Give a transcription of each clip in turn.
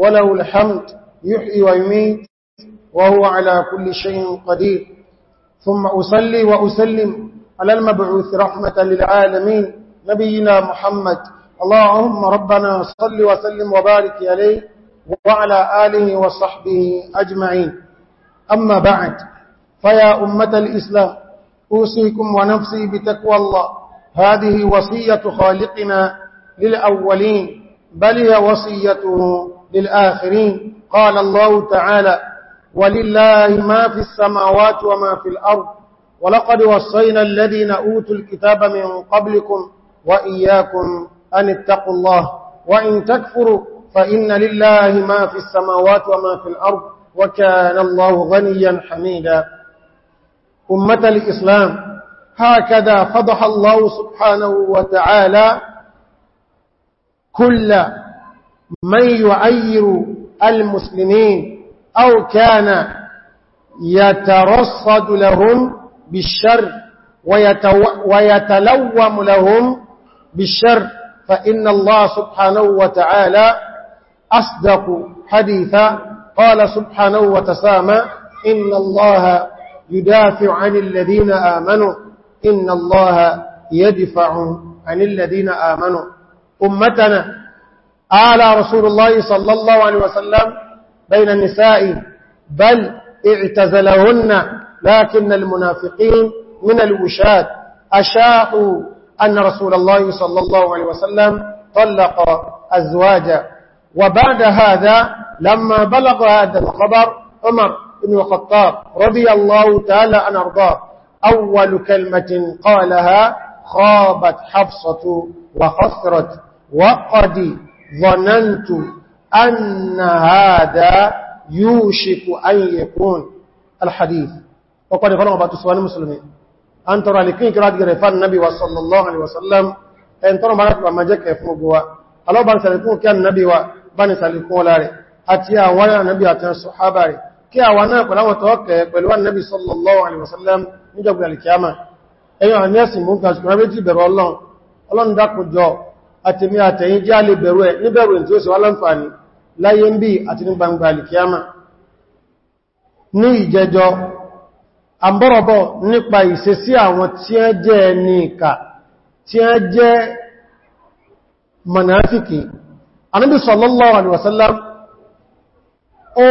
وله الحمد يحيي ويميت وهو على كل شيء قدير ثم أصلي وأسلم على المبعوث رحمة للعالمين نبينا محمد اللهم ربنا صل وسلم وبارك عليه وعلى آله وصحبه أجمعين أما بعد فيا أمة الإسلام أوصيكم ونفسي بتقوى الله هذه وصية خالقنا للأولين بل هي وصيته للآخرين قال الله تعالى ولله ما في السماوات وما في الأرض ولقد وصينا الذين أوتوا الكتاب من قبلكم وإياكم أن اتقوا الله وإن تكفروا فإن لله ما في السماوات وما في الأرض وكان الله غنيا حميدا أمة الإسلام هكذا فضح الله سبحانه وتعالى كل من يعير المسلمين أو كان يترصد لهم بالشر ويتلوم لهم بالشر فإن الله سبحانه وتعالى أصدق حديثا قال سبحانه وتسامى إن الله يدافع عن الذين آمنوا إن الله يدفع عن الذين آمنوا أمتنا قال رسول الله صلى الله عليه وسلم بين النساء بل اعتزلهن لكن المنافقين من الوشاة أشاءوا أن رسول الله صلى الله عليه وسلم طلق أزواجا وبعد هذا لما بلغ هذا الخبر عمر بن الخطاب رضي الله تعالى أن أرضاه أول كلمة قالها خابت حفصة وخسرت وقدي ظننت أن هذا يوشك أن يكون الحديث وقد قال أبا تسوان المسلمين أن ترى لكين كرات جريفان النبي صلى الله عليه وسلم أن ترى مرات وما جاك يفمقوا ألو بان سالكون كان نبي وبان سالكون لاري أتيا وانا نبي أتيا الصحابة كي أوانا قل أما توقع قلوا النبي صلى الله عليه وسلم نجاب للكيامة أيها الناس ممكن أشكرا بيتي برو الله الله نداك جاو àtẹ̀mí àtẹ̀yìn jẹ́ alẹ́ bẹ̀rù ẹ̀ níbẹ̀rù tí ó sì wá láǹfààní láyé ń bí àti ní gbangba alìkíyàmà ní ìjẹjọ àbọ̀rọ̀bọ̀ nípa ìṣesí àwọn tí ẹ jẹ́ ẹni ìkà tí ẹ jẹ́ mọ̀nàfíkì Ànábì sallallahu alaihi wasallam ó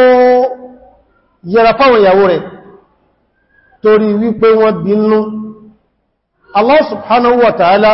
yẹra fáwọn ìyàwó rẹ̀ torí Allah subhanahu wa ta'ala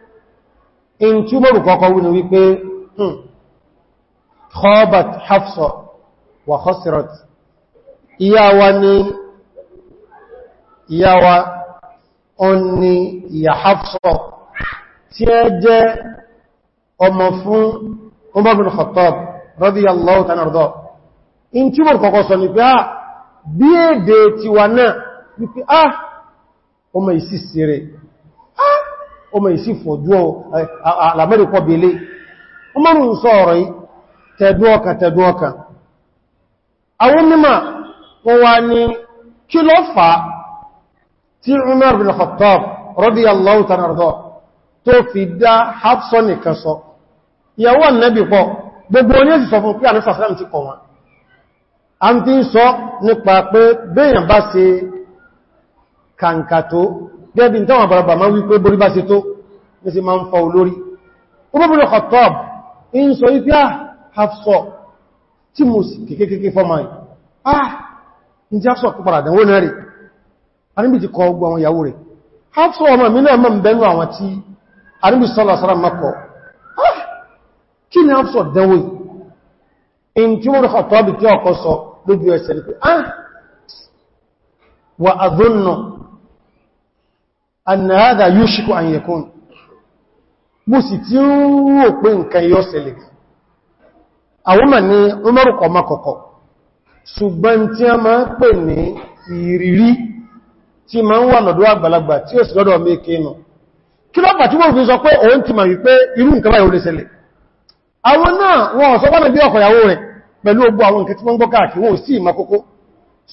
in tí mọ́rù kọ́kọ́ wí ni wípé hmm, khabat hafsa wa khasirat ìyáwa ni ìyáwa ọni ìyá hafsa tí ẹ jẹ́ ọmọ fún Umar bin Khattab radiyallahu ta'ala anhu in tí mọ́rù kọ́kọ́ sọ ni pé ah bí èdè tiwa náà wípé ah ọmọ ìsìsì ọmọ ìsí fọ̀jú àlàmẹ́rẹ̀kọ́ belé ọmọrùn ń sọ ọ̀rọ̀ yìí tẹ̀dú ọkà tẹ̀dú ọkà àwọn mímọ̀ wọ́n wá ní kí ló fà tí Umar ta'ala tó fi dá Hafsa nìkan sọ ìyàwó Ànábì pọ̀ gbogbo oní èsì sọ fún pé àníṣà sẹ́lẹ̀m ti kọ̀ kàǹkà tó gẹ́bí táwọn àbàràbà máa wípé borí bá ṣe tó ní sí máa ń fọ olórí ọmọbìnrin Khattab in sọ ipé ah, Hafsa tí mo sì kékékéké fọ́mà ẹ̀ ah in jẹ́ Hafsa kó padà dánwó náà rẹ̀ aníbi ti kọ gbọ́ àwọn ìyàwó rẹ̀ Hafsa ọmọ mi náà mọ́ ah kí ni Hafsa dánwó in tí wọ́n Khattab tí ah wa adhunnu أن هذا يوشك أن يكون مسيتيو بين كان يوسلك awon ma ní Umaru kọ̀ koko ṣùgbọ́n ti a ma n wà lọ́dọ̀ àgbàlagbà ti ó sì lọ́dọ̀ méèké nù fi ti ma rí pé irú nǹkan báyìí ó lè ṣẹlẹ̀ àwọn náà wọ́n sọ pọ́nà bí ọkọ̀yàwó rẹ̀ pẹ̀lú ogbó àwọn nǹkan tí wọ́n gbọ́ káàkiri wọ́n sì makókó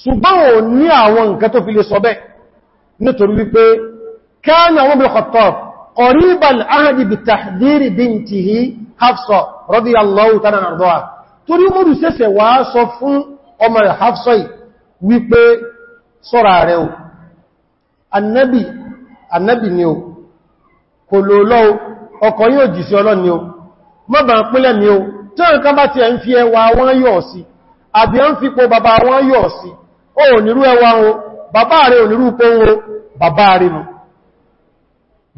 ṣùgbọ́n ò ní àwọn nǹkan tó fi كان عمر بن الخطاب قريب العهد بتحذير بنته حفصة رضي الله تعالى عنها torí mọ́rù sẹ́sẹ̀ wá sọ fún ọmọ rẹ̀ hafsai wípé sọ́ra rẹ̀ o annabi ni o ọkọ̀ yóò ni o mọ́ bá pínlẹ̀ ni o tí wọ́n ká bá ti ẹ̀ ń fi ẹwà wọ́n sí àbí ń fi po bàbá wọ́n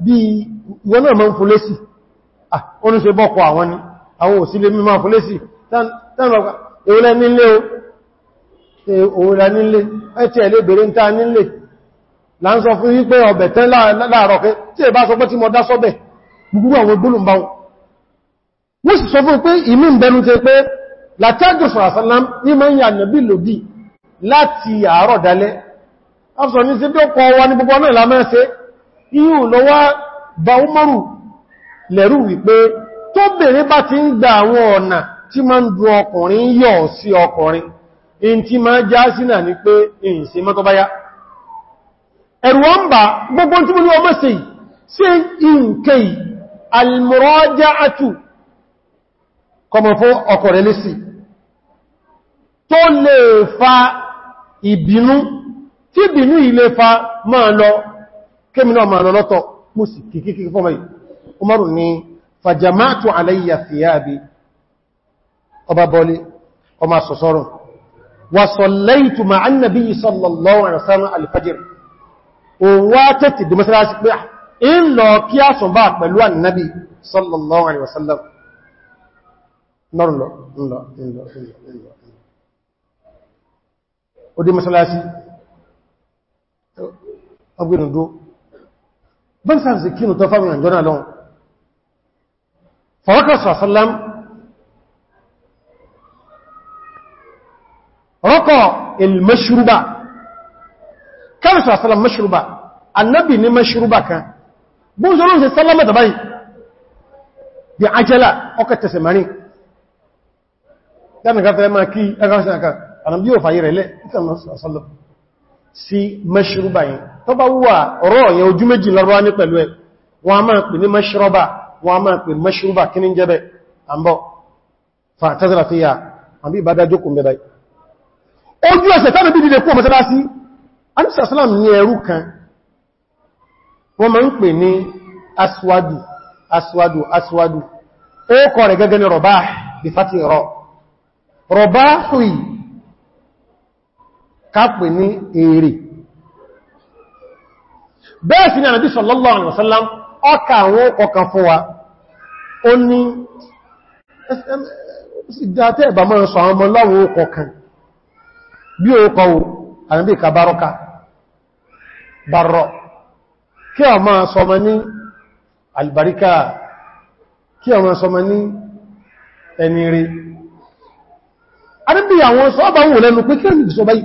bí ìwọ́n náà máa ń fòlésì ọ̀nà ṣe bọ́kọ̀ àwọn ni àwọn òsílé mímọ̀ fòlésì tánàbà òwúrẹ́ nílé òwúrẹ́ nílé ẹ̀tì ẹ̀lẹ́ bèèrè ń ta nílé là ń sọ fún wípé ọ̀bẹ̀ tẹ́ láàárọ̀ pé tí ẹ bá sọ pé tí mo dá sọ́bẹ̀ gbogbo àwọn gbólùmbá wọn wọ́n sì sọ fún pé ìmú ìbẹnu ti pé látẹ́jù sọ̀rọ̀sánlám ihe lọ́wọ́ bá Umaru lẹ́rù wípé tó bèèrè bá ti ń gba àwọn ọ̀nà tí ma ń du ọkùnrin yọ̀ sí ọkùnrin in ti ma já sínà ní pé ìyìnsí mọ́tọ́ báyá ẹ̀rù wọ́n bá gbogbo tí mo ní ọmọ sí sí ìǹkẹ́ alìmọ̀rọ̀já àtù kọmọ fún ọkọ̀rẹ̀ lẹ́sì tó lè fa ìbínú tí ìbínú ilé fa máa lọ kémi náà máa lọ́lọ́tọ̀ mú sí kìkìkì fọ́mọ̀ yìí umaru ni fàjàmátù alayya thiyabi ọba bọ́lé ọmọ sọ̀sọ́rọ̀ wà sọ̀lẹ́ìtù ma an nàbí sallallahu alaihi wasallam al-fajr ah, sallallahu alaihi wasallam Odi masalasi, ọgbìnrin dúó, bọ́nsá sí kí tó fáwọn ìjọ náà lọ́wọ́ fọ́rọ́kọ̀sọ̀ sọ́lám rọ́kọ̀ ilmashruba kẹrìsọ̀ sọ́lám mashruba annabi ni mashruba kan bọ́n sọ́lọ́ sí sọ́lámà da báyìí bí ajẹ́lá ọkọ̀ tẹ̀sẹ̀ mari dánigáfẹ́ máa kí ẹgbẹ́ sí mẹ́ṣrúbà yẹn tó bá wúwà ọ̀rọ̀ yẹn ojú méjì lọ́rọ̀ ní pẹ̀lú ẹ̀ wọ́n a máa pè ní mẹ́ṣrúbà wọ́n a máa pè mẹ́ṣrúbà kí ní jẹ́bẹ̀ àmbọ̀ fàtàzàrà fi yà àbí ìbádá jókùn bẹ̀bẹ̀ ojú ẹsẹ̀ tánà bí dìde kú ọmọ sẹ́lá sí alìsàsálàm ní kápẹ̀ ní èrè bẹ́ẹ̀ sí ní ànàbí sallallahu alaihi wasallam ọkà àwọn ọkà fún wa ó ní ìdáté ẹ̀bà mọ́ sọ àwọn ọmọláwọ̀ ọkọ̀ kan bí ó kọ̀wò ànàbí ka bárọ́ka bárọ̀ kí a máa sọmọ ní albarika kí a máa sọmọ ní ẹni rí ànàbí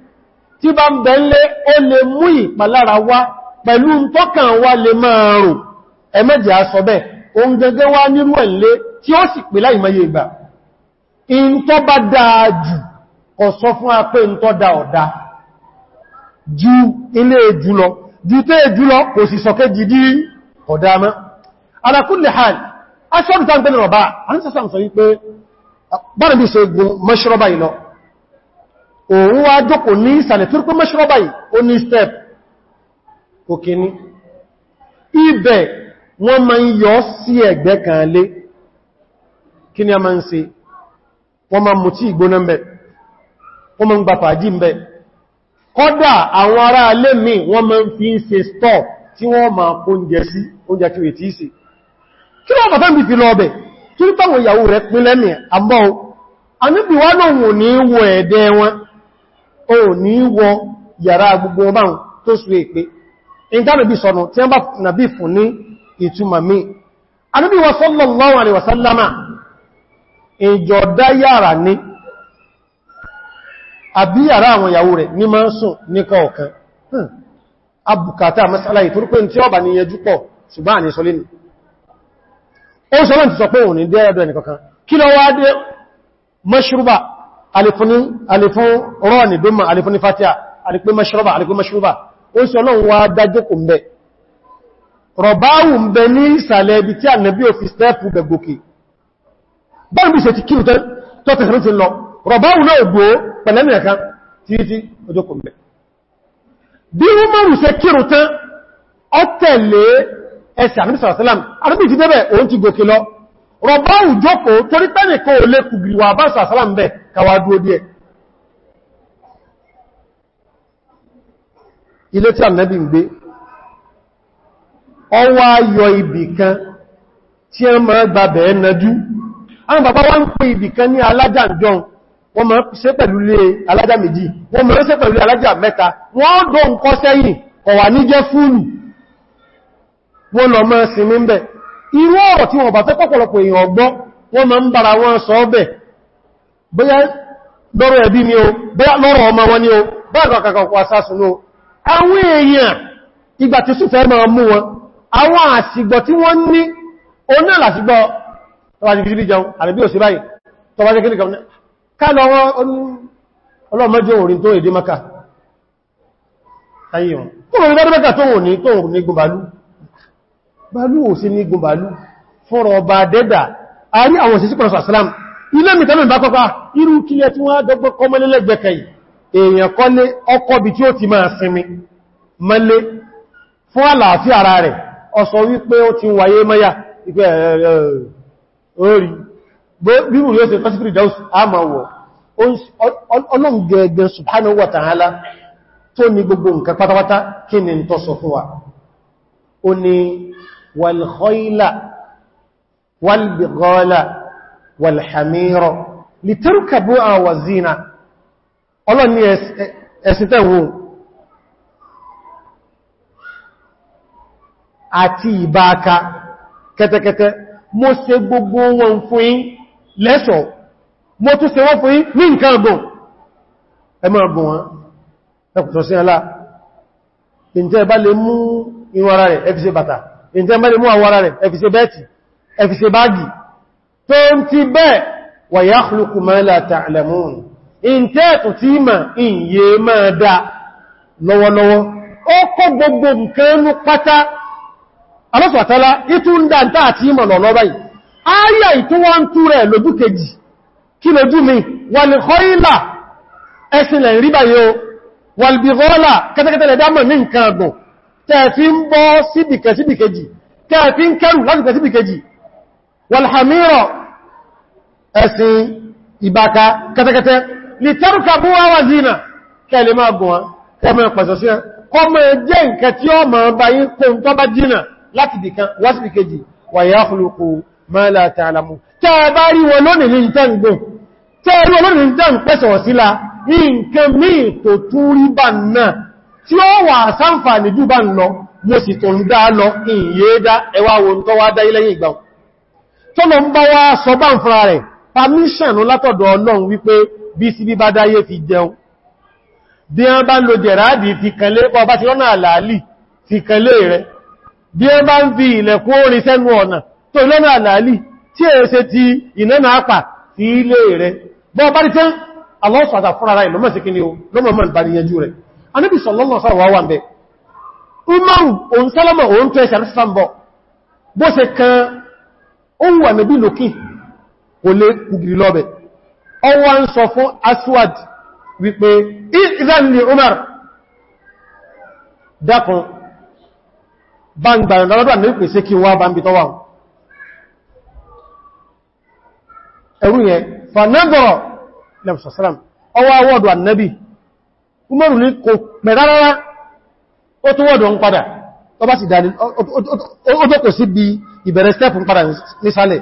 tí bá ń bẹ̀ ńlé ó lè mú ìpalára wá pẹ̀lú tọ́kàn wá lè máa rùn ẹmẹ́jẹ̀ aṣọ bẹ́ oun gẹ́gẹ́ wá nírú ẹ̀lé tí ó sì pè láì mẹ́yẹ ìgbà in tọ́ bá dáa jù ọ̀sọ́ fún apé in tọ́ da ọ̀dá ju ilé jùlọ ju tẹ́ jùlọ kò sì sọ kéjì dí ọ̀dá mọ́ ala kulli hal òun wá jókòó ní ìsàlẹ̀ tó pé yìí ó ní step òkè ibẹ̀ ma ń yọ sí ẹ̀gbẹ́ kan lé kí ma ń se wọ́n ma ìgbóná mẹ́ wọ́n ma ń gbà fàájì mẹ́ kọ́dà àwọn ará mi wọ́n ma fi ń se stọ́ tí wọ́n ma oúnjẹ sí oúnjẹ kí wè tí í kí wọ́n bí fi lọ ọbẹ̀ ìyàwó rẹ̀ o ní wọ yàrá gbogbo ọba tó sú èpé ìdánàbí sọ̀nà tí wọ́n bá nàbí fún ní ìtumà mí Ànábì wa sallallahu alaihi wasallama ìjọdá yàrá ní àbí yàrá àwọn ìyàwó rẹ̀ ní máa ní kọ̀ọ̀kan hmm. alifun rọ́ọ̀nì dúnmà alifun fatia alipin mashruba alipin mashruba ó sì ọlọ́run wá dájókò ń bẹ rọ̀báwù ń bẹ ní ìsàlẹ̀ ibi tí ànàbí ò fi stẹ́ẹ̀pù gbẹ̀gbòkè bọ́n bí ṣe ti kírù tó tẹ̀sẹ̀ ti lọ rọ̀báwù náà gbò pẹ̀lẹ́mì ẹ̀kan títí ojókò ń bẹ bí wọ́n mọ́rù ṣe kírù tán ọ tẹ̀lé ẹsẹ̀ àmìsàrásílám arúbí ti débẹ̀ òun ti gòkè lọ rọ̀báwù jókòó torípẹ́nìkan ò lè kùgbìwà bá sàrásílám bẹ́ẹ̀ káwà dúó díẹ̀ ilé tí ànẹ́bì ń gbé ọwá yọ ibì kan tí ẹ mọ́ gbàbẹ̀ ẹnàdú àwọn bàbá wọ́n ń pè ibì kan ní alájà jọun wọ́n mọ́ ṣe pẹ̀lú lé alájà méjì wọ́n mọ́ ṣe pẹ̀lú alájà mẹ́ta wọ́n dọ̀ ń kọ́ sẹ́yìn bóyá lọ́rọ̀ ẹbí mi o bóyá lọ́rọ̀ ọmọ wọn ni o bọ́ọ̀rọ̀ kàkàkọ̀ àsásùn o àwọn èèyàn ìgbà tí súnfẹ́ máa mú wọn àwọn àsìgbọ̀ tí wọ́n ní oná làsìgbọ̀ fọ́rọ̀ ọba dẹ́dà a rí àwọn òsìsí pẹ̀lú àsìlámù ilé mi tẹ́lẹ̀ bá kọ́kọ́ irú kílẹ̀ tí wọ́n dọ́gbọ́ kọmọlélẹ́gbẹ̀kẹ̀yìn èèyàn kọ́ lé ọkọ̀ bí tí ó ti máa sinmi mẹ́lé fún àlàáfíà ara rẹ̀ ọ̀sọ̀ wípé ó ti wáyé mẹ́yà ipẹ́ orí bíbù yóò se fásitì dáus àmàwọ̀ ọlọ́ngẹ̀ẹ̀gẹ̀ subhanahu wa ta'ala tó والحمير لتركبوا وزينة ọlọ́ni ẹ̀sìn tẹ́wò àti ìbáaka kẹtẹkẹtẹ mo ṣe gbogbo wọn fún yín lẹ́ṣọ̀ mo tún ṣe wọ́n fún yín ní nǹkan ọgbọ̀n ẹmọ ọgbọ̀n wọn ẹkùtọ̀ sí ọlá ìjẹ́ bá lè mú irun ara rẹ̀ ẹ bàtà ìjẹ́ bá lè mú àwọ ara rẹ̀ ẹ bẹ́ẹ̀tì ẹ báàgì tó ń ti bẹ́ẹ̀ wa yakhluqu ma la ta'lamun in tẹ́ẹ̀tù tí ma in yé máa dá lọ́wọ́lọ́wọ́ ó kọ́ gbogbo nǹkan pátá alọ́sọ̀tọ́lá ìtú ń dántá àti ìmọ̀ lọ́lọ́ báyìí ayà ìtú wọ́n ń tú rẹ̀ lójú kejì kí lójú mi wàlìkọ́ìlà ẹsìnlẹ̀ ríbàyó wàlìbìgọ́là kẹ́tẹ́kẹ́tẹ́lẹ̀ dámọ̀ ní ń bọ́ síbìkẹ́ síbìkejì tẹ́ẹ̀fí ń kẹrù láti kẹ́ síbìkejì wàlìhàmírọ̀ ẹ̀sìn ìbáka kẹtẹkẹtẹ lè tẹ́rùkà bú wá wà zina kẹlẹ̀ máa gùn wọn kọmọ pẹ̀sọ̀ sí kọmọ jẹ́ nǹkan tí ó máa bá yí kóhun tó bá jìnà láti dìkan wásìbì kejì wà yá kùlùkù máa láta alamu tẹ́ bá rí wọn lónìí ní tẹ́ ń gbọ́n ń bá wá sọ bá ń fúnra rẹ̀ permission látọ̀dọ̀ ọlọ́run wípé bí sí bí bá dáyé ti jẹun bí wọ́n bá ń lo jẹ̀ráàdì ti kẹlé pọ̀ bá ti rọ́nà àlàálì ti kẹlé rẹ̀ bí wọ́n bá ń fi ilẹ̀kùn orin sẹ́nu ọ̀nà tó lọ́nà àlàálì tí è ṣe ti ìnáná àpà sí ilé rẹ̀ bọ́ bá rí tán alọ́sọ̀tà kò lè kùgìrì lọ́bẹ̀ ọwọ́ ń sọ fún aswad wípé ìzánlè umar dákan bá ń gbàrẹ̀ lọ́dọ̀ àmì pèsè kí wá bá ń bí tọ́wà ẹ̀rù yẹn fanẹ́bọ̀rọ̀ lẹ́bùsọ̀sọ́lám ọwọ́ awọ́dù annabi umaru ní kò pẹ̀rárára ó tún wọ́dù ń padà ọba sì dáni ó tó kò sí bí ìbẹ̀rẹ̀ stẹ́pù ń padà nísàlẹ̀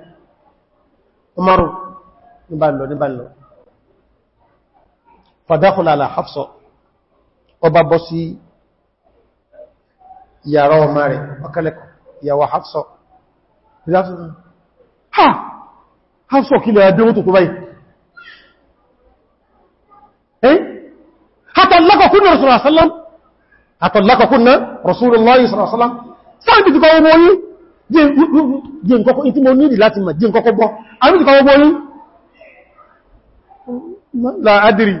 umaru níbà lọ níbà lọ fàdákùnlá àlà hafsọ ọba bọ́ sí yàrá ọmọ rẹ̀ ọkẹ́lẹ́kọ̀ ìyàwó hafsọ ha hafsọ kí lẹ ẹgbẹ́ mọ́tò tó báyìí eh hatallakakun rasulullah sallam hatallakakun rasulullah sallam sáàbì ti kọ ọmọ yìí jẹ́ nkọ́kọ́ ìtí mo nílì láti mọ̀ jẹ́ nkọ́kọ́ gbọ́. a ní ìkọwọ́ gbọ́ ní láàdìrí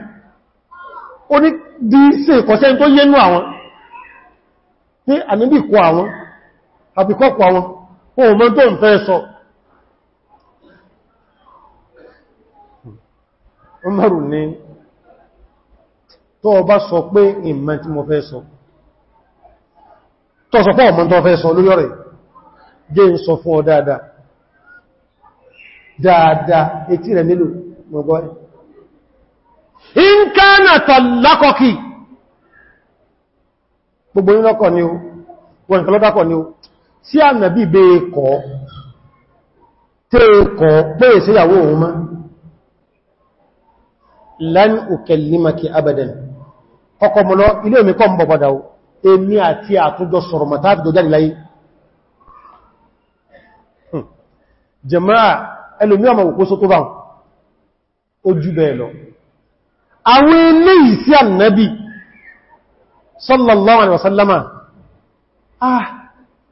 ó ní dí sí ìkọ̀sẹ́ tó yẹnú àwọn tí àníbì kọ àwọn àbíkọ́kọ̀ àwọn ohun mọ́ tó ń fẹ́ sọ Umaru ní tó ọba sọ pé ìmọ̀ tí mo fẹ́ sọ tó sọ fọ́ ọmọ tó fẹ́ sọ lórí ọ̀rẹ́ jẹ́ ń sọ fún ọ dáadáa dáadáa etí rẹ̀ nílò mọ̀gbọ́ ẹ̀ in kánà tọ̀lákọ̀kì gbogbo nílọ́kọ̀ ni ó wọ́n nǹkan lọ́dákọ̀ ni ó sí ànàbí bẹ́ ẹkọ̀ tẹ́ẹ̀kọ̀ pẹ́ ìsẹ́yàwó òun má lan ukallimaki ọkọ̀ mọ̀lọ́ ilé mi kọ́ mbọ̀ padà èmi àti àtújọ sọ̀rọ̀ mọ̀tá àtújọ jáde láyé jẹmọ́ra ẹlòmí ọmọ òkú só tó bá ojú bẹ́ẹ̀ lọ àwọn ilé ìsí ànàbì sallallahu alaihi wasallama ah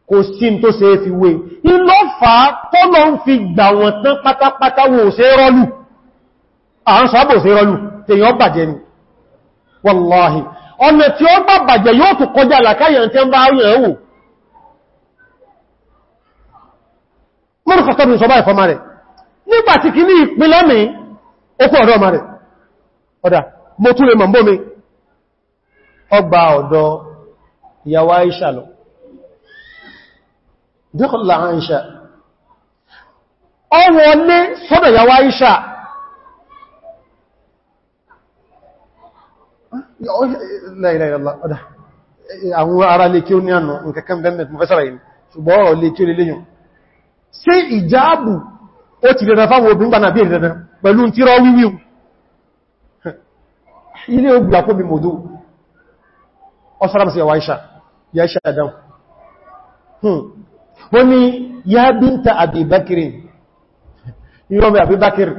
kò sí tó ṣe fi wé ìlọ́fà tọ́lọ ń fi gbà wọn tán pátápátá wò ṣe rọ́lù àwọn sọ́bọ̀ ṣe rọ́lù tèyàn bàjẹ́ ni wallahi tí yóò mọ́rù kọ̀tọ́bù sọ báyìí fọmà rẹ̀ nígbà tí kì ní ìpínlẹ̀ mi okú ọ̀dọ́ ọmọ rẹ̀ ọ̀dá mo tún lè mọ̀ bó mi ọgbà ọ̀dọ́ ìyàwó Aisha lọ dẹ́kọ̀lá Aisha ọwọ́ ní sọ́dọ̀ ìyàwó Aisha àwọn ará lè kí ó ní ànà nǹkankan bẹ́mẹ̀ mọ̀fẹ́sára yìí ṣùgbọ́n ọ̀rọ̀ lè kí ó lè léyìn sí ìjáàbù ó ti dandan fáwọn obìnrin gbànà bí dandan pẹ̀lú tí rọ wíwí ilé ogbà kó bí mòdó ọsáramsí yàwáṣà yàṣà adam wọ́n ni ya bínta àbìbákiri ìrọ̀mẹ́ àbìbákiri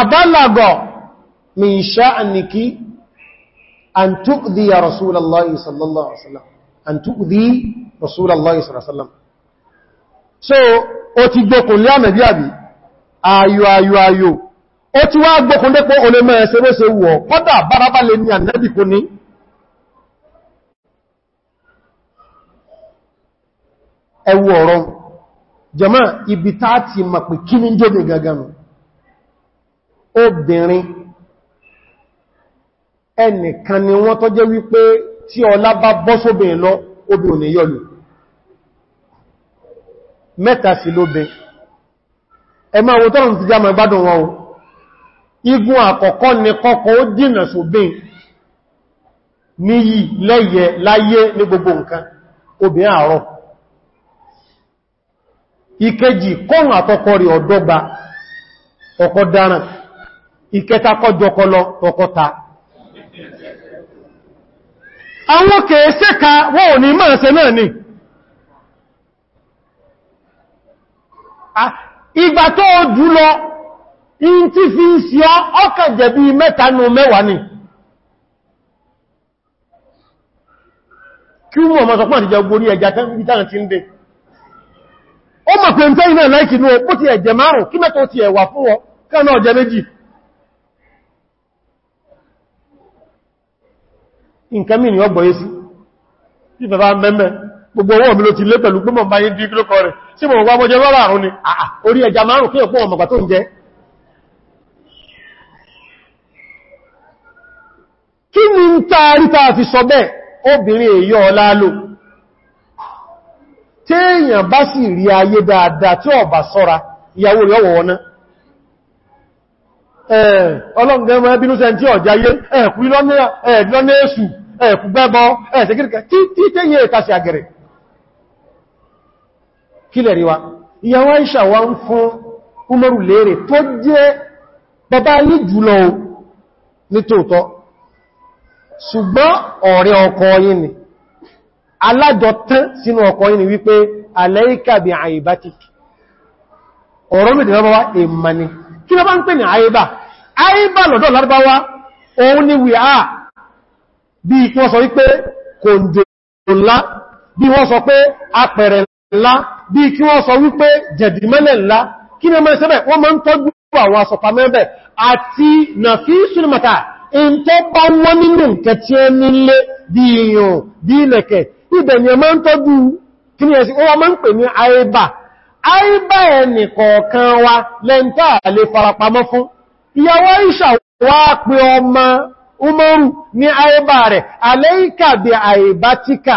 àbálàgọ̀ min sha'niki an tu'dhi ya rasulallah sallallahu alaihi wasallam an tu'dhi rasulallah sallallahu alaihi wasallam so o ti gbokùn lé àmẹ̀bí àbí ayò ayò ayò o ti wá gbokùn lépọ́ olè mọ́ ẹsẹ̀ mẹ́sẹ̀ wọ̀ kọ́dà bárabá lè ní ànẹ́bì kú ní ẹwọ ọ̀rọ̀ jàmá ibi táà ti mọ̀ pé kí ní jóbi ẹnìkan ni wọ́n tọ́jẹ́ wípé tí ọlá bá bọ́ sóbìnrin lọ obìnrin yọ́lù mẹ́ta sí lóbe ẹmọ àwọn tọ́rọ ti jámọ̀ ìgbádùn wọn o igun àkọ́kọ́ ni kọ́kọ́ ó dínà sóbin níyì lẹ́yẹ láyé ní gbogbo nǹkan obìnrin àárọ̀ ìkejì kọ́rùn àtọkọ rí ọ̀dọ́gba ọkọ dáràn ìkẹta kọjọkọlọ tọkọta àwọn kèése ka wọ́n ò ní máa náà ni Ah, ìgbà tó jùlọ in ti fi ń sí ọ ọkàn jẹ̀bi mẹ́ta nù mẹ́wàá ni kí mú ọmọ sọpọ̀ àti jẹgbò ní ẹja tán ti ń dé ó mọ̀ pé ń tẹ́ iná láìkì ní ọpọ̀ ti ẹ̀jẹ̀ márùn kí ti ẹ̀wà fún ọ na ọjẹ́ méjì nǹkan mìí ọgbọ̀ yé sí tí bàbá mẹ́mẹ́ gbogbo ọwọ́ mi ló ti lé pẹ̀lú pé mọ̀ bá yí dí kílókọ rẹ̀ sí mọ̀ wá mọ́jẹ́ lọ́rọ̀ àrùn ni àà orí ẹja márùn kí ọ̀pọ̀ ọmọ̀gbà tó ń jẹ kí ni ń taríta fi sọ bẹ́ẹ̀ obìnrin èyọ ọlálò téèyàn bá sì rí ayé dáadáa tí ọba sọ́ra ìyàwó rẹ̀ ọwọ̀ wọná ọlọ́gbẹ̀mọ́ ẹbínú sẹ́ tí ọ̀jáyé ẹ̀kú lọ́nà èṣù ẹ̀kú gbẹ́bọ́ ẹ̀ṣẹ̀kìrìkà tí tẹ́yẹ ìtàṣì àgẹ̀rẹ̀ kílẹ̀ ríwá ìyàwó Aisha wa ń fún Umaru lérè tó jẹ́ bàbá ní jùlọ ní tòótọ́ ṣùgbọ́n ọ̀rẹ́ ọkọ yìí ni alájọtán sínú ọkọ yìí ni wípé aláìkà bí àìbátik ọ̀rọ̀ mìí lọ́bọ́wá èèmà ni kí lọ́bá ń pè ní àìbá àìbá lọ́dọ̀ lárúbáwá òun ni wì ah, bí wọ́n sọ pé apẹ̀rẹ̀ ńlá bí kí wọ́n sọ wípé jẹ̀dìmọ́lẹ̀ ńlá kí ní ọmọ ìsẹ́bẹ̀ wọ́n máa ń tọ́jú àwọn asọ̀pá mẹ́bẹ̀ àti nàfíìsùn mẹ́ta in tó bá wọ́n nínú nǹkẹ́ tí ẹ nílé bí ìyàn bí ilẹ̀kẹ̀ ibẹ̀ ni ọmọ ń tọ́jú kí ní ẹ̀sì ó wọ́n máa ń pè ní àìbà àìbà ẹni kọ̀ọ̀kan wa lẹ́ntà lè farapamọ́ fún ìyàwó ìṣà wá pé ọmọ umaru ní àìbà rẹ̀ àlẹ́ìkà bí àìbátíkà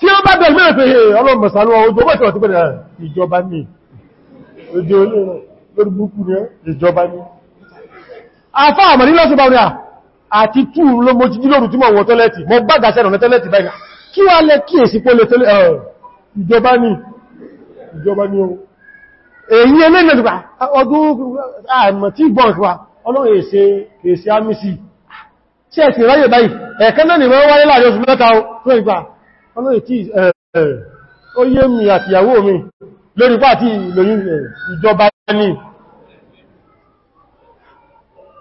tí ó bá bẹ̀rẹ̀ mẹ́rin fèyè ọlọ́mọ̀sánú ọjọ́ bọ́ ìtọ̀ tí pẹ̀lẹ̀ ìjọba ní ojú olórí burúkú ní ìjọba ní afá àmàrí lọ́sọ̀bá rí à àti tú ló mo jíjí lóòrù tí mọ̀ wọ tọ́lẹ́tì mọ bá gàṣẹ́ rọ̀ tọ́lẹ́tì báyìí kí wá lẹ kí èsì pọ́lẹ̀ ìjọba ní ìjọba ní ohun èyí ẹlẹ́nà ọdún àmọ̀ tí bọ́n wa ọlọ́run èsè èsè amísì tí ẹ̀sìn ráyè báyìí ẹ̀ẹ̀kan náà ni wọ́n wáyé láàrin oṣù mẹ́ta ó tó ìgbà ó yé mi àtìyàwó mi lórí pàtí ìlòyìn ìjọba ní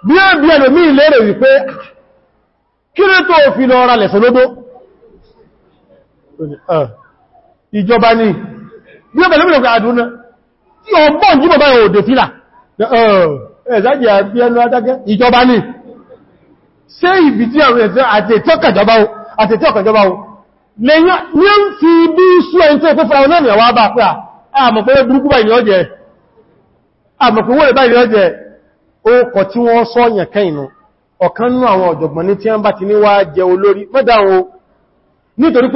bí ó bí ẹlòmí lérè wípé kí ló tó fi lọ ra lẹ̀sẹ̀ lódó ìjọba ní bí ó bẹ̀lẹ̀ mìíràn àdúnà tí ó bọ́ jí bọ̀bá òdè fílà ẹ̀zájì àbí ẹnu adágẹ́ ìjọba ní ṣe ìbí tí àwọn ẹ̀sẹ̀ àti ètí ọkàjọba o lẹ́yìn ní ń fi bí sú ẹni tó fúnfà ọ̀nà ìyàwó bá pẹ́ àmọ̀pẹ̀wẹ́ burúkú báyìí ọjẹ́ àmọ̀pẹ̀wẹ́ báyìí ọjẹ́ ó tí wọ́n sọ yẹ̀kẹ́ inú ọ̀kan nú àwọn ọ̀jọ̀gbọ́n ní tí wọ́n wá jẹ olórí mẹ́dàwó nítorí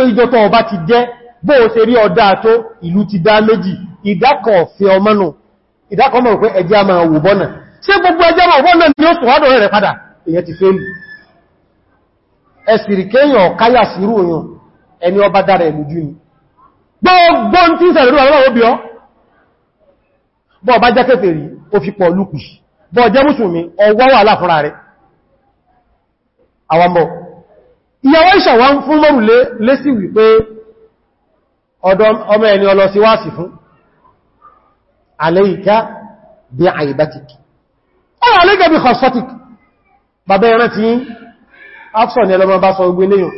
o ṣe rí ọdá tó ìlú ti dá méjì ìdákọ̀ fi ọmọ nù ìdákọ̀ mọ̀ pé ẹjẹ́ àmà òwò bọ́nà ṣe gbogbo ẹjẹ́ àmà òwò náà ni ó sọ̀wádọ̀ rẹ̀ padà èyẹ ti fẹ́ lù ẹ̀sìrìkéyàn káyà sírú ẹni ọba dára ẹ̀lújú ni gbogbo tí ń sẹ̀rẹ̀ lọ́wọ́ obì ọ́ bọ́ ọba jẹ́ kèfèrí ó fi pọ̀ lúkù bọ́ jẹ́ mùsùlùmí ọwọ́ wà láfúnra rẹ̀ àwọmọ́ ìyàwó ìṣàwà ń fún lórù lésì wípé ọmọ ẹni ọlọ bàbá ẹran ti ń afsọ̀ ni ẹlọmọ bá sọ ogun léyìn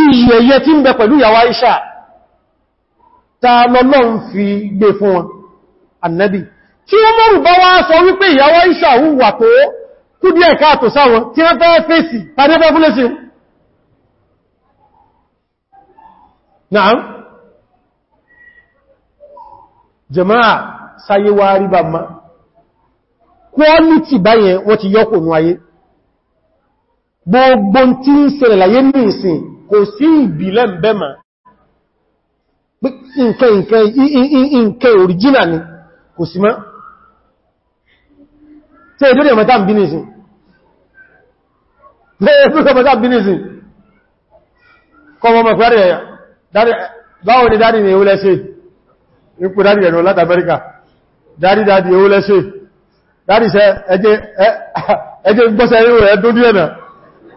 ìyẹ̀yẹ tí ń bẹ pẹ̀lú ìyàwó Aisha ta lọ́lọ́run fi gbé fún wọn annabi tí wọ́n mọ́rù bá wá sọ wípé ìyàwó Aisha wùwà tó kú díẹ̀ káàtò sáwọn tí wọ́n fẹ́ fèsì tàbí fẹ́ jama'a sáyé wá rí bá ma kwọ́lìtì báyẹn wọ́n ti yọ́kùnú ayé gbogbo tí ń ṣẹlẹ̀ láyé ní ìsìn kò sí ìbílẹ̀ bẹ́mà nǹkan nǹkan nǹkan original ni kò sí mọ́ tí èdè ìrìnmọ̀ tàbí bínìsìn kọmọ mọ̀ pẹ̀lú ẹ̀yà báwo ni dáadì ni ewu lẹ́ṣe ipò dáadì ẹ̀nà láti Amẹ́ríkà dáadì dáadì ewu lẹ́ṣe dáadì ṣe ẹjẹ́ gbọ́sẹ̀ ẹ̀rọ ẹ̀dọ́dú ẹ̀nà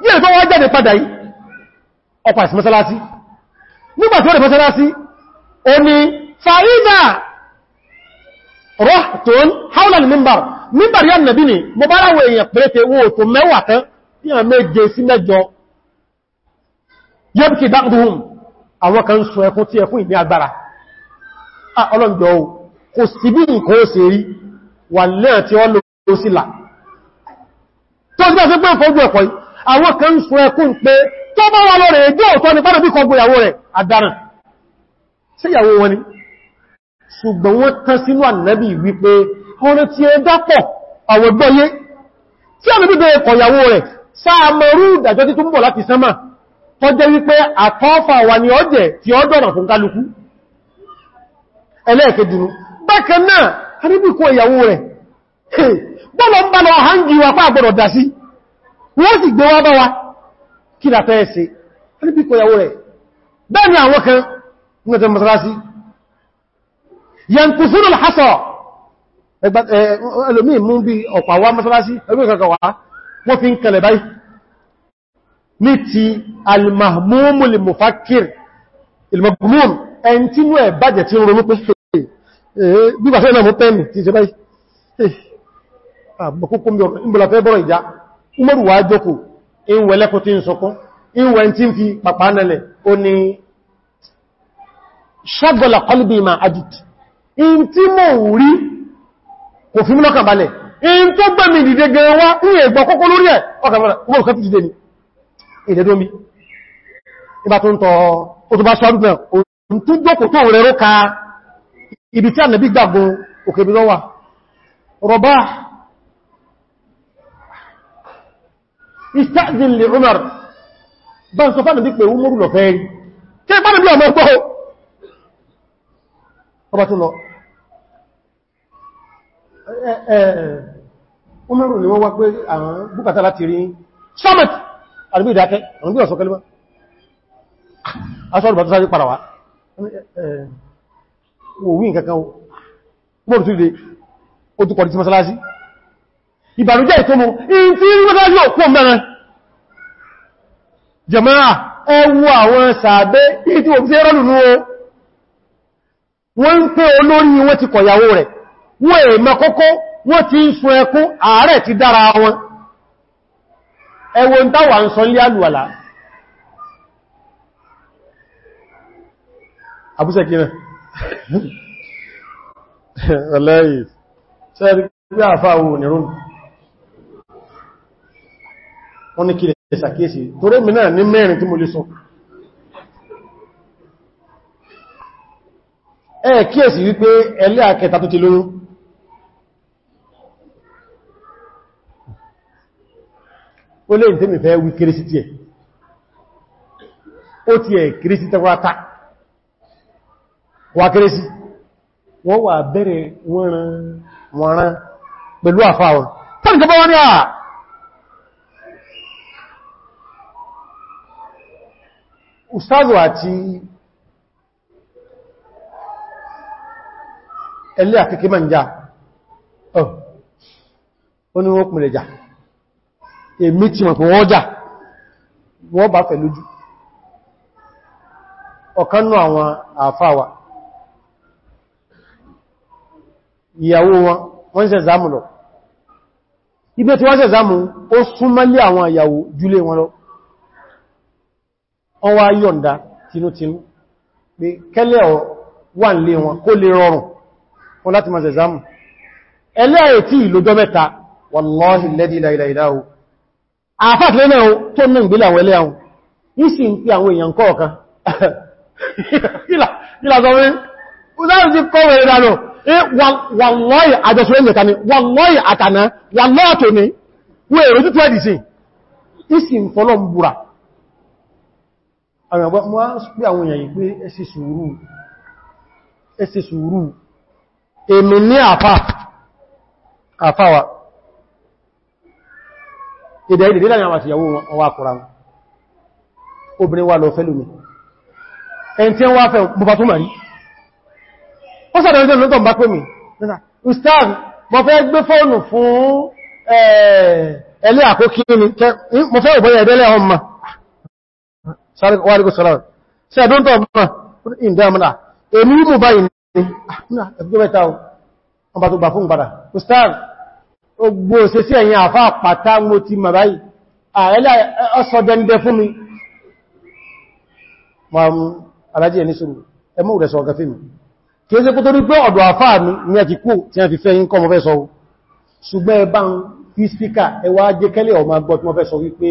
ní ẹ̀fọ́ wọ́n jáde padà yìí ọpa ìsìn mọ́sálásí nígbàtí wọ́n lè mọ́sálásí o ni fa'íza rọ́tún haulal mimbar mimbar yán nàbí ni mo bá ráwọ èèyàn péréte wọn ò tó mẹ́wàá tán ní à méje sí mẹ́jọ yẹ́bùkì dákùnrùn àwọn kan sọ ẹkún tí ẹkún ìní agbára ah, ọlọ́njọ́ kò sí bí nǹkan ó ṣe rí wà náà tí wọ́n lọ sí là tó ń gbá sí pé ọkọ̀ ojú ẹ̀kọ́ yìí àwọn kan sọ ẹkún pé tó bá wà lọ́rẹ̀ ẹjọ́ ọ̀tọ́ ni pàdàbí kọgbò ìyàwó rẹ̀ àdáràn sí ìyàwó wọn ni ṣùgbọ́n wọ́n tán sínú ànábì wípé ọ̀rẹ́ tí ẹ dápọ̀ àwọ̀ gbọ́yé tí àmì bíbẹ̀ rẹ̀ sáàmọ̀rú ìdàjọ́ tí túnbọ̀ láti sánmà tó jẹ́ wípé àtọ́fà wà ní bákan náà ìyàwó rẹ̀ bọ́lọ̀ ń bá lọ hangi wọ́n sì gbé wá bá wa kí la fẹ́ ṣe níbi kò yàwó rẹ̀ bẹ́ẹ̀ni àwọn kan nígbàtí masalasi yankusun alhassọ ẹlòmí mú bí ọ̀pá wá masalasi ẹgbẹ́ kankan wọ́n fi ń kẹlẹ̀ báyìí ní ti umaru wa joko in wẹ lẹ́kọ́ tí ń sọkún in wẹ tí ń fi pàpá nẹlẹ̀ o ni ṣọ́gọ́lá kọlùbí ma adìt in tí mọ̀ rí kò fi múlọ́kà balẹ̀ in tó gbẹ̀mì dìde gẹ̀rẹ̀ wá ní ẹgbọ́ kọ́kọ́ lórí ẹ̀ ọkà ibi tí a nàbí gbàgbọn òkèbí lọ́wà rọ̀bá ìstáàzìn lè Umar bá ń sọ fánà bí pé Umaru lọ fẹ́ rí kí ẹ fánà bí ọmọ ọgbọ́ ọba tó lọ Umaru ni wọ́n wá pé àwọn búkàtà láti rí summit àdúgbò ìdákẹ́ àwọn bí ọ̀sọ̀ kẹlẹ́mọ́ asọ́rùbà tó sáré padà wá wò wí nǹkankan mọ́rù tó lè ó tó kọ̀dí sí mọ́sálásí ìbàrújẹ́ ìtọ́mù in tí ń wọ́n yóò kó mẹ́rin jẹmọ́ra ẹwọ àwọn sàábé ìtí òfin ṣe rọ́lù lóó wọ́n ń pé olórí wọ́n ti kọ̀yàwó rẹ̀ wọ́n èèmọ̀ kọ́kọ́ wọ́n ti ń sun ẹkún ààrẹ ti dára wọn ẹwọ táwà ń sọ lé àlùwàlá àbúsẹ̀kínà ọlẹ́yìí pé àfáà wò ní rúnù wọ́n ní kílẹ̀ ìsàkíyèsí torí mi náà ní mẹ́rin tí mo lè sọ ẹ kíyèsí wípé ẹlẹ́ àkẹta tó ti lóyún ó lè tí mi fẹ́ wí kéré sí tiẹ̀ ó ti ẹ̀ kéré sí tẹ́wàtà wà kéré sí wọ́n wà bẹ̀rẹ̀ wọ́n rán pẹ̀lú àfáwọn tẹ́lì ustazu àti ẹlẹ́ àkẹ́kẹ́ máa ń já ọ ní wọ́n pìnlẹ̀ jà èmi ti mọ̀ pé wọ́n jà wọ́n bá fẹ̀ lójú ọ̀kánú àwọn àfáwà ìyàwó wọn wọ́n ṣe zámù lọ ibi tí wọ́n ṣe zámù ó súnmọ́lé àwọn ìyàwó jùlé wọ́n wá yọ̀nda tinútinú pé kẹ́lẹ̀ wà lè wọn kó lè rọrùn wọn láti máa zẹ̀zámù ẹlẹ́ẹ̀ tí ìlójọ́ mẹ́ta wallahi lẹ́dí ìlàìdáwó àfáàkìlẹ́ náà ni wọ́n èrò títọ́ ẹ̀dìsìn ìsì ń ń búra àwọn àgbà mọ́ pé àwọn èèyàn yìí pé ẹ ṣe sùúrù ẹ ṣe sùúrù èmì ní àfà àfàwà ìdẹ̀ ìdẹ̀ ìdẹ̀ àwọn àtìyàwó wọn àkùrà wọn obìnrin wà lọ fẹ́lú mi ẹni tí wọ́n fẹ́ bọ́bá tó màrí ó sàdọ̀ ìjọ lótọ̀ bá pé mi ustaz mo fẹ́ gbé fóònù fún eh, ẹ̀ẹ́lẹ́ àkókí wàrígò sọ́rọ̀ sí ẹ̀dùn tó ọmọ ìdámọ́nà èmi mú báyìí ah, ní ah, ẹgbẹ́ mẹ́ta ọmọ tó gbà fún padà ustaz ogbò ṣe sí ẹ̀yìn àfá pàtà mo ti mọ̀ báyìí ààrẹ́lẹ́ ọsọ dẹ́ndẹ́ fún mi alájí ẹni sùúrù ẹmú rẹ̀ sọ gafí mi kí é sí kó tó rí pé ọ̀dọ̀ àfá mi ní ẹ̀kì kú tí a fi fẹ́ yín kọ́ mọ́ fẹ́ sọ ṣùgbọ́n ẹbá ń fi spíkà ẹwà jẹ́kẹ́lẹ̀ ọmọ agbọ́ tí wọ́n fẹ́ sọ wípé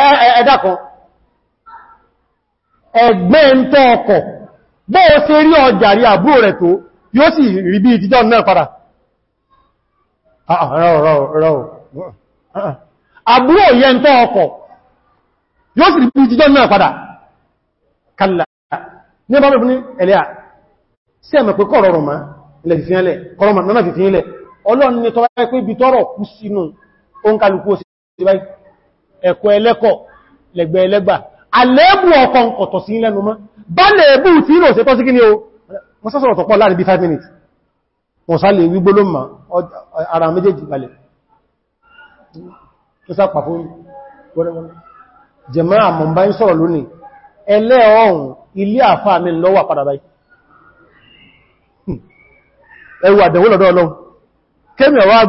ẹ̀dàkọ́ ẹgbẹ́ ń tọ́ ọkọ̀ bọ́ ó ṣe rí ọjàrí àbúrò rẹ̀ tó yóò sì rí bí ìtijọ́ náà padà ah, ah, àbúrò yẹ ń tọ́ ọkọ̀ yóò sì rí bí ìtijọ́ náà padà kàlà ní ọba mẹ́fún ní ẹ̀lẹ́à sí ẹ̀mẹ̀ pé ẹ̀kọ́ ẹlẹ́kọ̀ lẹ̀gbẹ̀ ẹlẹ́gbà alẹ́bù ọkàn kọ̀tọ̀ sí lẹ́nu mọ́ bá lẹ́bù tí ìrò ṣe tọ́ sí kí ni o wọ́n sọ́sọ̀rọ̀ tọ̀pọ̀ láàrin bí 5 minutes wọ́n sá lè wígbó ló ma ara méjèèjì balẹ̀ tó sá pàfó jẹ̀mọ́ àmọ̀mbá ń sọ̀rọ̀ lónìí ẹlẹ́ ọ̀hún ilé hm.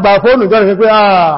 fóònù jọ́rin pé àà ah,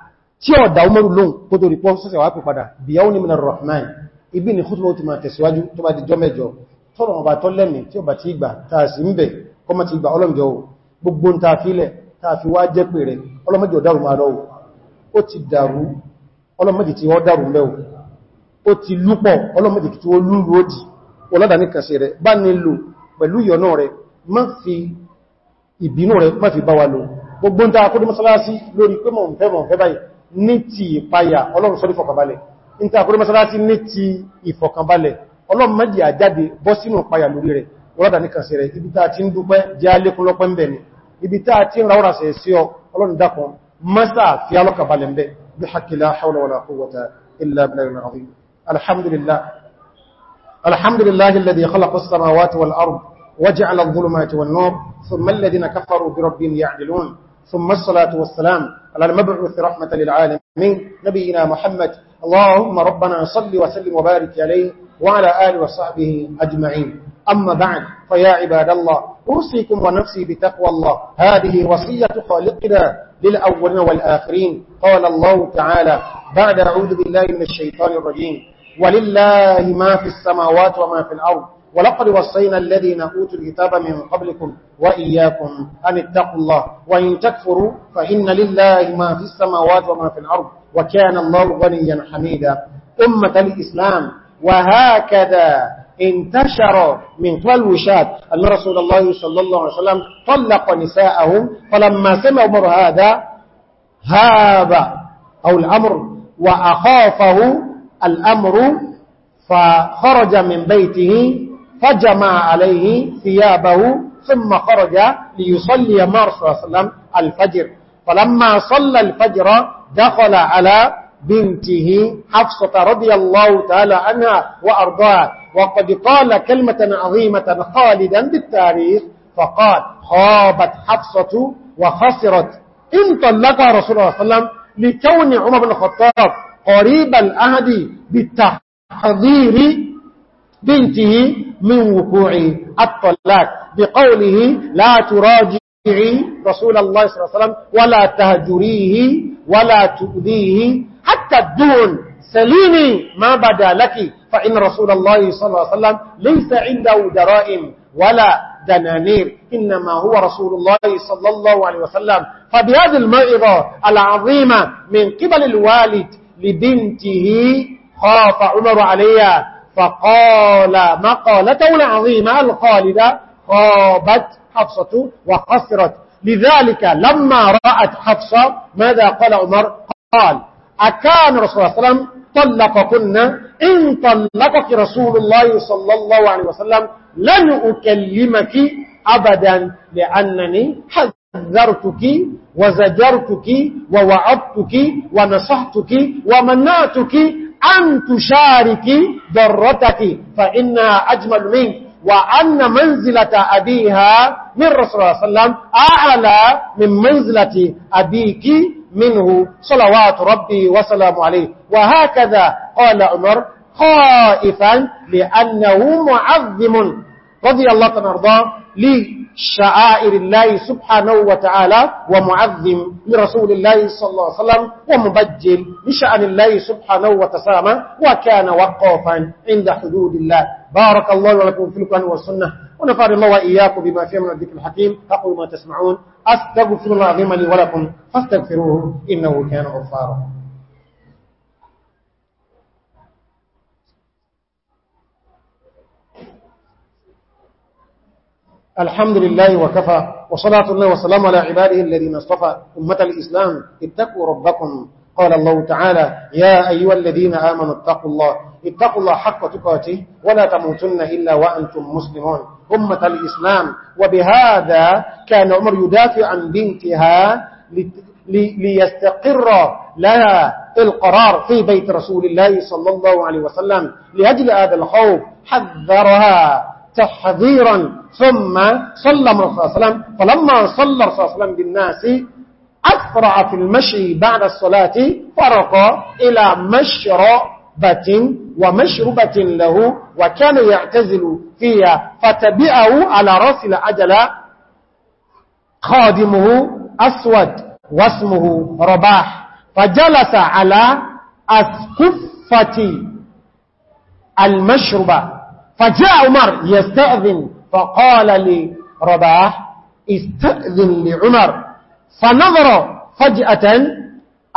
tí ó dá umaru lóhun kó tó rípọ́ sọ́sẹ̀ wá pè padà bí yáwọn nìmìnà rahman ibi ni kútùlọ ti máa tẹ̀síwájú tó bá di jọ mẹ́jọ tọ́rọ ọba tọ́ lẹ́mì tí ó bá ti gbà tàà sí ń bẹ̀ kọmọ ti gbà ọlọ́mjọ gbogbo ń tàà fílẹ̀ tàà fi wá jẹ́ pè rẹ̀ ọlọ́mọdé ọ̀dàrù máa lọ ó ti dàrú ọlọ́mọdé tí ó dàrú mẹ́ ó ti lúpọ̀ ọlọ́mọdé tí ó lúrú ní kàṣẹ lórí pé mọ̀ ń fẹ́ mọ̀ ń fẹ́ báyìí ní ti ìpayà ọlọ́run sọ́rí fọ̀kànbalẹ̀ ní ti àkórí mọ́sálásí ní ti ìfọ̀kànbalẹ̀ ọlọ́run mẹ́jì àjáde bọ́ sínú ìpayà lórí rẹ̀ rọ́dà ní kàn sí rẹ̀ ibi tá ti ń dúpẹ́ jẹ́ alékún lọ́pẹ́ ń bẹ̀ ni ibi tá ti ń ráwọ́rà sẹ̀ sí ọ ọlọ́run dákun mọ́sá fi alọ́kàbalẹ̀ ń bẹ̀ bí hakila haula wala quwwata illa billahi al على المبعوث رحمة للعالمين نبينا محمد اللهم ربنا صل وسلم وبارك عليه وعلى آله وصحبه أجمعين أما بعد فيا عباد الله أوصيكم ونفسي بتقوى الله هذه وصية خالقنا للأولين والآخرين قال الله تعالى بعد أعوذ بالله من الشيطان الرجيم ولله ما في السماوات وما في الأرض ولقد وصينا الذين أوتوا الكتاب من قبلكم وإياكم أن اتقوا الله وإن تكفروا فإن لله ما في السماوات وما في الأرض وكان الله غنيا حميدا أمة الإسلام وهكذا انتشر من قبل وشاد أن رسول الله صلى الله عليه وسلم طلق نساءهم فلما سمع أمر هذا هاب أو الأمر وأخافه الأمر فخرج من بيته فجمع عليه ثيابه ثم خرج ليصلي مع رسول الله صلى الله عليه وسلم الفجر فلما صلى الفجر دخل على بنته حفصة رضي الله تعالى عنها وأرضاها وقد قال كلمة عظيمة خالدا بالتاريخ فقال خابت حفصة وخسرت إن طلق رسول الله صلى الله عليه وسلم لكون عمر بن الخطاب قريب الأهد بالتحذير بنته من وقوع الطلاق بقوله لا تراجعي رسول الله صلى الله عليه وسلم ولا تهجريه ولا تؤذيه حتى الدون سليمي ما بدا لك فإن رسول الله صلى الله عليه وسلم ليس عنده درائم ولا دنانير إنما هو رسول الله صلى الله عليه وسلم فبهذه المائضة العظيمة من قبل الوالد لبنته خاف عمر عليها فقال مقالته العظيمة القالدة خابت حفصة وخسرت لذلك لما رأت حفصة ماذا قال عمر قال أكان رسول الله صلى الله عليه وسلم طلقكن إن طلقك رسول الله صلى الله عليه وسلم لن أكلمك أبدا لأنني حذرتك وزجرتك ووعدتك ونصحتك ومنعتك أن تشاركي ذرتك فإنها أجمل منك وأن منزلة أبيها من رسول الله صلى الله عليه وسلم أعلى من منزلة أبيك منه صلوات ربي وسلام عليه وهكذا قال عمر خائفا لأنه معظم رضي الله تنرضاه لي شعائر الله سبحانه وتعالى ومعظم لرسول الله صلى الله عليه وسلم ومبجل لشأن الله سبحانه وتسامى وكان وقافا عند حدود الله بارك الله ولكم في القرآن والسنة ونفعل الله وإياكم بما فيه من الذكر الحكيم أقول ما تسمعون أستغفر الله عظيما لي ولكم فاستغفروه إنه كان غفارا الحمد لله وكفى وصلاة الله وسلام على عباده الذين اصطفى أمة الإسلام اتقوا ربكم قال الله تعالى يا أيها الذين آمنوا اتقوا الله اتقوا الله حق تقاته ولا تموتن إلا وأنتم مسلمون أمة الإسلام وبهذا كان عمر يدافع عن بنتها ليستقر لها القرار في بيت رسول الله صلى الله عليه وسلم لأجل هذا الخوف حذرها تحذيرا ثم صلى من صلى الله فلما صلى الرسول صلى بالناس أسرع في المشي بعد الصلاة فرق إلى مشربة ومشربة له وكان يعتزل فيها فتبعه على رأس العجلة خادمه أسود واسمه رباح فجلس على أسكفة المشربة فجاء عمر يستأذن فقال لرباح استأذن لعمر فنظر فجأة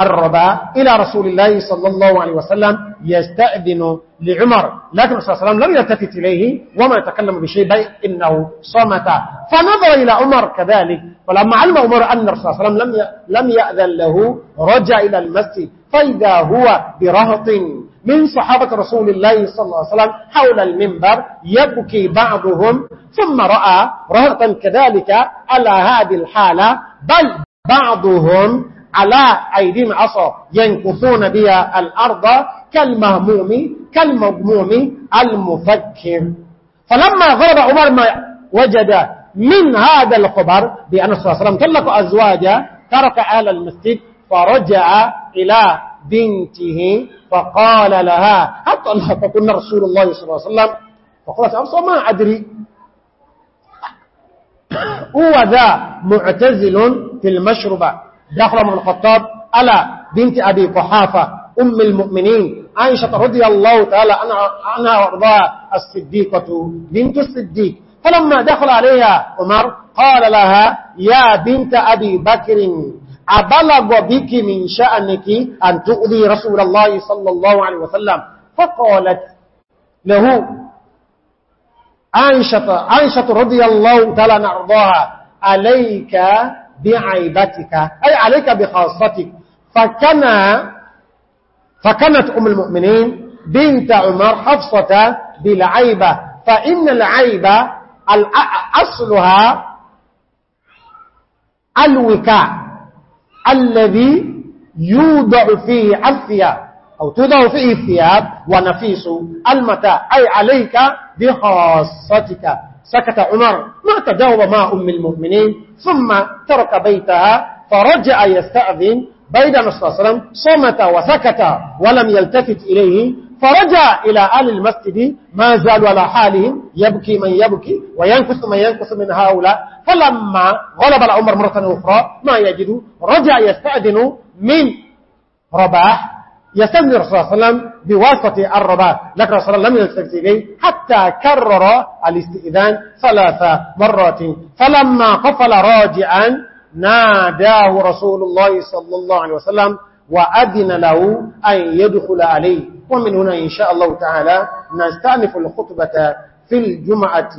الرباء إلى رسول الله صلى الله عليه وسلم يستأذن لعمر لكن رسول الله عليه وسلم لم يلتفت إليه وما يتكلم بشيء بل إنه صمت فنظر إلى عمر كذلك فلما علم عمر أن رسول الله عليه وسلم لم يأذن له رجع إلى المسجد فإذا هو برهط من صحابة رسول الله صلى الله عليه وسلم حول المنبر يبكي بعضهم ثم رأى رهرة كذلك على هذه الحالة بل بعضهم على أيدي عصا ينكثون بها الأرض كالمهموم كالمضموم المفكر فلما ضرب عمر ما وجد من هذا الخبر بأن صلى الله عليه وسلم طلق أزواجه ترك أهل المسجد فرجع إلى بنته فقال لها حتى الله فقلنا رسول الله صلى الله عليه وسلم فقالت أبصى ما أدري هو ذا معتزل في المشربة دخل من الخطاب ألا بنت أبي قحافة أم المؤمنين عائشة رضي الله تعالى عنها وارضاها الصديقة بنت الصديق فلما دخل عليها عمر قال لها يا بنت أبي بكر أبلغ بك من شأنك أن تؤذي رسول الله صلى الله عليه وسلم فقالت له أنشط, أنشط رضي الله تعالى نعرضها عليك بعيبتك أي عليك بخاصتك فكان فكانت أم المؤمنين بنت عمر حفصة بالعيبة فإن العيبة أصلها الوكاء الذي يوضع فيه الثياب أو توضع فيه الثياب ونفيس المتاع أي عليك بخاصتك سكت عمر ما تجاوب مع أم المؤمنين ثم ترك بيتها فرجع يستأذن بيد النبي صلى الله عليه وسلم صمت وسكت ولم يلتفت إليه فرجع إلى أهل المسجد ما زالوا على حالهم يبكي من يبكي وينكس من ينكس من هؤلاء فلما غلب العمر مرة أخرى ما يجد رجع يستأذن من رباح يستأذن الرسول صلى الله عليه وسلم بواسطة الرباح لكن الرسول لم يلتفت إليه حتى كرر الاستئذان ثلاث مرات فلما قفل راجعا ناداه رسول الله صلى الله عليه وسلم وأذن له أن يدخل عليه ومن هنا إن شاء الله تعالى نستأنف الخطبة في الجمعة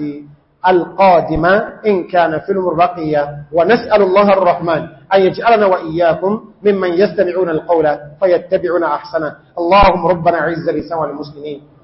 القادمة إن كان في المربقية ونسأل الله الرحمن أن يجعلنا وإياكم ممن يستمعون القول فيتبعون أحسنه اللهم ربنا عز لسوى المسلمين